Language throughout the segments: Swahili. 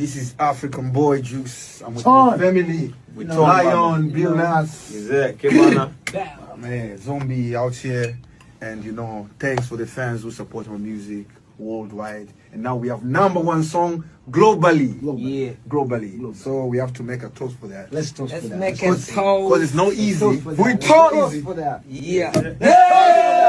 This is African Boy Juice. I'm with oh, family. With know, Lion, Bill Nas. Exactly. Man, zombie out here. And you know, thanks for the fans who support our music worldwide. And now we have number one song globally. globally. Yeah. Globally. globally. So we have to make a toast for that. Let's toast Let's for that. Let's make a toast. Because it's not easy. We toast, toast for that. Yeah. yeah.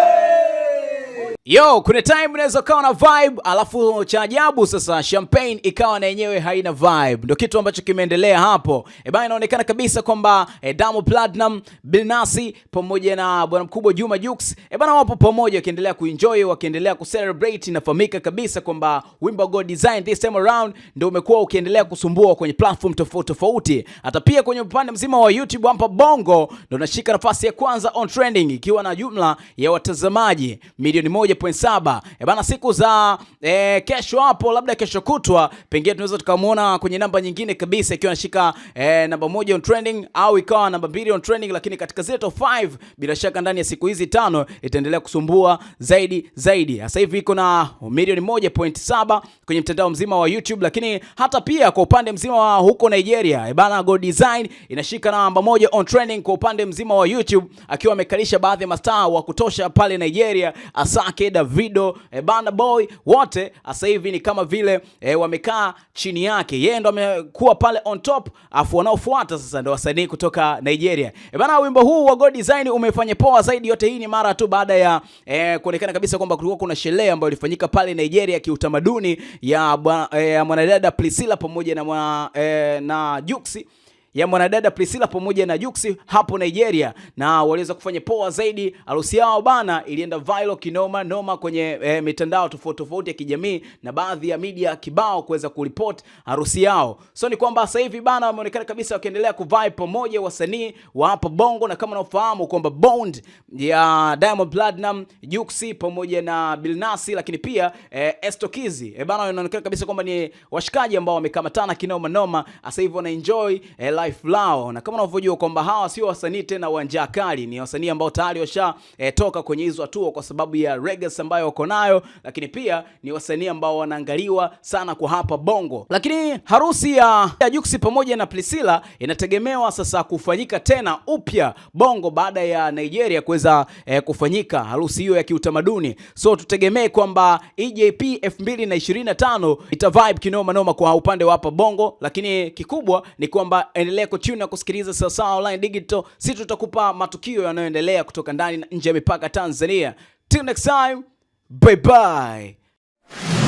Yo, kuna time unaweza ukawa na vibe alafu cha ajabu sasa champagne ikawa na yenyewe haina vibe. Ndio kitu ambacho kimeendelea hapo. Eh, bana inaonekana kabisa kwamba eh, Damo Platinum, Billnass pamoja na bwana mkubwa Juma Jux, eh, bana wapo pamoja wakiendelea kuenjoy, wakiendelea kucelebrate. Inafahamika kabisa kwamba wimbo God Design this time around ndio umekuwa ukiendelea kusumbua kwenye platform tofauti tofauti. Hata pia kwenye upande mzima wa YouTube hapa Bongo ndio unashika nafasi ya kwanza on trending ikiwa na jumla ya watazamaji milioni moja 101.7. Eh, bana, siku za e, kesho hapo, labda kesho kutwa, pengine tunaweza tukamwona kwenye namba nyingine kabisa ikiwa anashika e, namba moja on trending au ikawa namba mbili on trending, lakini katika zile top 5 bila shaka ndani ya siku hizi tano itaendelea kusumbua zaidi zaidi. Sasa hivi iko na milioni 1.7 kwenye mtandao mzima wa YouTube, lakini hata pia kwa upande mzima wa huko Nigeria, e bana, Go Design inashika namba moja on trending kwa upande mzima wa YouTube akiwa amekalisha baadhi ya mastaa wa kutosha pale Nigeria Asake wake Davido, e, eh, Burna Boy wote ah, sasa hivi ni kama vile e, wamekaa chini yake, yeye ndo amekuwa pale on top, afu wanaofuata sasa ndo wasanii kutoka Nigeria. E, bana wimbo huu wa God Design umefanya poa zaidi. Yote hii ni mara tu baada ya e, kuonekana kabisa kwamba kulikuwa kuna sherehe ambayo ilifanyika pale Nigeria kiutamaduni ya, ya mwanadada Priscilla pamoja na, mwana, e, na Juksi ya mwanadada Priscilla pamoja na Juksi hapo Nigeria, na waliweza kufanya poa zaidi. Harusi yao bana ilienda viral kinoma noma kwenye eh, mitandao tofauti tofauti ya kijamii na baadhi ya media kibao kuweza kuripoti harusi yao. So ni kwamba sasa hivi bana wameonekana kabisa wakiendelea kuvai pamoja, wasanii wa hapa Bongo, na kama unafahamu kwamba bond ya Diamond Platinum, Juksi pamoja na Bilnasi, lakini pia eh, Estokizi eh, bana wanaonekana kabisa kwamba ni washikaji ambao wamekamatana kinoma noma, sasa hivi wana enjoy eh, life lao, na kama unavyojua kwamba hawa sio wasanii tena wa njaa kali, ni wasanii ambao tayari washatoka eh, e, kwenye hizo hatua kwa sababu ya reggae ambayo wako nayo, lakini pia ni wasanii ambao wanaangaliwa sana kwa hapa Bongo. Lakini harusi ya, ya Jux pamoja na Priscilla inategemewa sasa kufanyika tena upya Bongo baada ya Nigeria kuweza e, kufanyika harusi hiyo ya kiutamaduni, so tutegemee kwamba EJP 2025 ita vibe kinoma noma kwa upande wa hapa Bongo, lakini kikubwa ni kwamba uendelee kutune na kusikiliza Sawasawa Online Digital. Sisi tutakupa matukio yanayoendelea kutoka ndani na nje ya mipaka Tanzania. Till next time, bye bye.